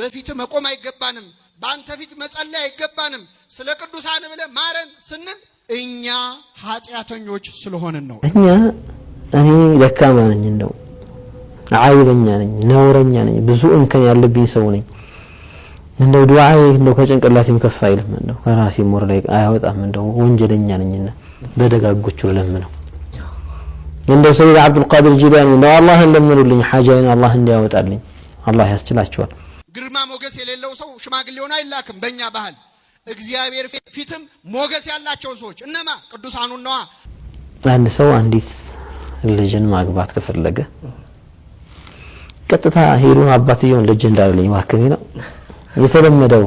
በፊት መቆም አይገባንም፣ በአንተ ፊት መጸለይ አይገባንም፣ ስለ ቅዱሳን ብለ ማረን ስንል እኛ ኃጢአተኞች ስለሆንን ነው። እኛ እኔ ደካማ ነኝ፣ እንደው አይበኛ ነኝ፣ ነውረኛ ነኝ፣ ብዙ እንከን ያለብኝ ሰው ነኝ። እንደው ዱዓዬ እንደው ከጭንቅላቴም ከፍ አይልም፣ እንደው ከራሴ ሞር ላይ አያወጣም። እንደው ወንጀለኛ ነኝና በደጋጎቹ ለምነው እንደው ሰይድ አብዱል ቃድር ጂላኒ እንደው አላህን ለምኑልኝ፣ ሐጃዬን አላህ እንዲያወጣልኝ አላህ ያስችላቸዋል። ሞገስ የሌለው ሰው ሽማግሌ ሆነ አይላክም በእኛ ባህል። እግዚአብሔር ፊትም ሞገስ ያላቸውን ሰዎች እነማ ቅዱሳኑ ነዋ። አንድ ሰው አንዲት ልጅን ማግባት ከፈለገ ቀጥታ ሄዱ አባትየውን ልጅ እንዳለኝ ማክሜ ነው የተለመደው።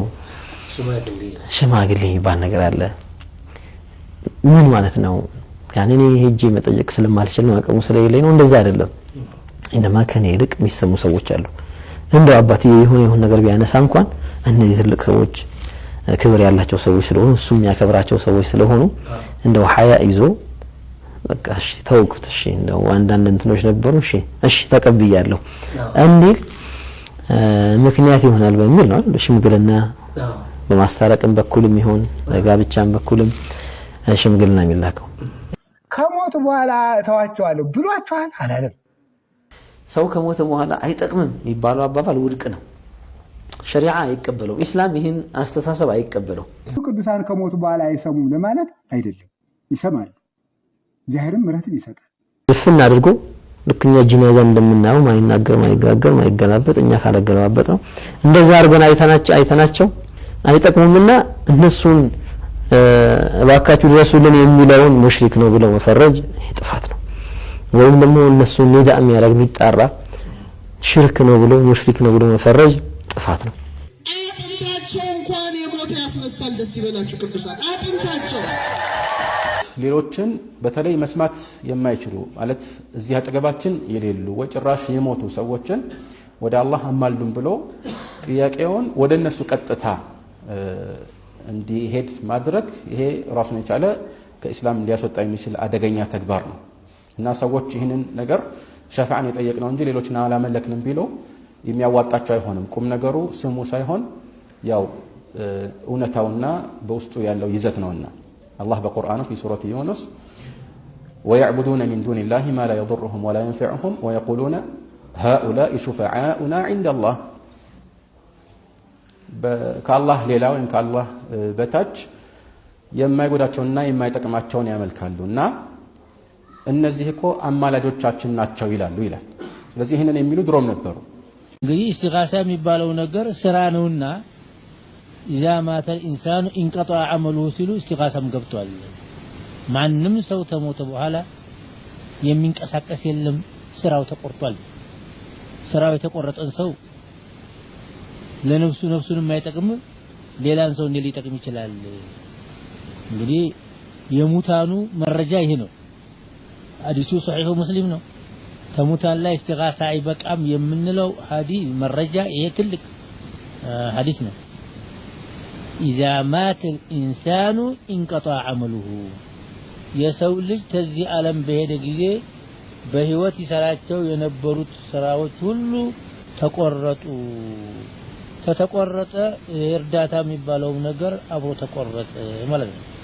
ሽማግሌ የሚባል ነገር አለ። ምን ማለት ነው? ያኔ እኔ ሄጄ መጠየቅ ስለማልችል ነው አቅሙ ስለሌለኝ ነው። እንደዛ አይደለም። እንደማ ከኔ ይልቅ የሚሰሙ ሰዎች አሉ። እንደው አባትዬ የሆነ የሆነ ነገር ቢያነሳ እንኳን እነዚህ ትልቅ ሰዎች ክብር ያላቸው ሰዎች ስለሆኑ እሱም የሚያከብራቸው ሰዎች ስለሆኑ እንደው ሀያ ይዞ በቃ እሺ ተውኩት፣ እሺ እንደው አንዳንድ እንትኖች ነበሩ፣ እሺ እሺ ተቀብያለሁ እንዲል ምክንያት ይሆናል በሚል ነው ሽምግልና በማስታረቅም በኩልም ይሆን ጋብቻም በኩልም ሽምግልና የሚላከው ከሞቱ በኋላ ተዋቸዋለሁ ብሏቸዋል አላለም። ሰው ከሞተ በኋላ አይጠቅምም የሚባለው አባባል ውድቅ ነው። ሸሪዓ አይቀበለው። ኢስላም ይህን አስተሳሰብ አይቀበለው። ቅዱሳን ከሞቱ በኋላ አይሰሙም ለማለት አይደለም፣ ይሰማሉ። ዛሄርም ምረትን ይሰጣል። ድፍን አድርጎ ልክ እኛ ጂናዛ እንደምናየው ማይናገር፣ ማይጋገር፣ ማይገላበጥ እኛ ካለገለባበጥ ነው። እንደዛ አድርገን አይተናቸው አይጠቅሙምና እነሱን እባካችሁ ድረሱልን የሚለውን ሙሽሪክ ነው ብለው መፈረጅ ጥፋት ነው። ወይም ደግሞ እነሱ ኒዳ የሚያደርግ ቢጣራ ሽርክ ነው ብሎ ሙሽሪክ ነው ብሎ መፈረጅ ጥፋት ነው። አጥንታቸው እንኳን የሞተ ያስነሳል። ደስ ይበላችሁ ቅዱሳን። አጥንታቸው ሌሎችን በተለይ መስማት የማይችሉ ማለት እዚህ አጠገባችን የሌሉ ወይ ጭራሽ የሞቱ ሰዎችን ወደ አላህ አማሉን ብሎ ጥያቄውን ወደ እነሱ ቀጥታ እንዲሄድ ማድረግ ይሄ ራሱን የቻለ ከእስላም ሊያስወጣ የሚችል አደገኛ ተግባር ነው። እና ሰዎች ይህንን ነገር ሸፋዓን የጠየቅ ነው እንጂ ሌሎችን አላመለክንም ቢለው የሚያዋጣቸው አይሆንም። ቁም ነገሩ ስሙ ሳይሆን ያው እውነታውና በውስጡ ያለው ይዘት ነውና አላህ በቁርአኑ ፊ ሱረት ዩኑስ ወየዕቡዱነ ሚን ዱኒላሂ ማ ላ የዱርሁም ወላ የንፈዕሁም ወየቁሉነ ሃኡላኢ ሹፈዓኡና ዒንደላህ ከአላህ ሌላ ወይም ከአላህ በታች የማይጎዳቸውንና የማይጠቅማቸውን ያመልካሉ እና እነዚህ እኮ አማላጆቻችን ናቸው ይላሉ ይላል። ስለዚህ ይህንን የሚሉ ድሮም ነበሩ። እንግዲህ ኢስቲጋሳ የሚባለው ነገር ስራ ነውና ኢዛ ማተ ኢንሳኑ ኢንቀጣ አመሉሁ ሲሉ ኢስቲጋሳም ገብቷል። ማንም ሰው ተሞተ በኋላ የሚንቀሳቀስ የለም፣ ስራው ተቆርጧል። ስራው የተቆረጠን ሰው ለነፍሱ ነፍሱን የማይጠቅም ሌላን ሰው እንዴት ሊጠቅም ይችላል? እንግዲህ የሙታኑ መረጃ ይሄ ነው። ሀዲሱ ሰሒሁ ሙስሊም ነው። ከሙታን ላይ ኢስቲጋሳ አይበቃም የምንለው ሀዲ መረጃ ይሄ ትልቅ ሀዲስ ነው። ኢዛ ማተ ልኢንሳኑ ኢንቀጣ አመሉሁ የሰው ልጅ ተዚህ ዓለም በሄደ ጊዜ በህይወት ይሰራቸው የነበሩት ስራዎች ሁሉ ተቆረጡ። ከተቆረጠ እርዳታ የሚባለው ነገር አብሮ ተቆረጠ ማለት ነው።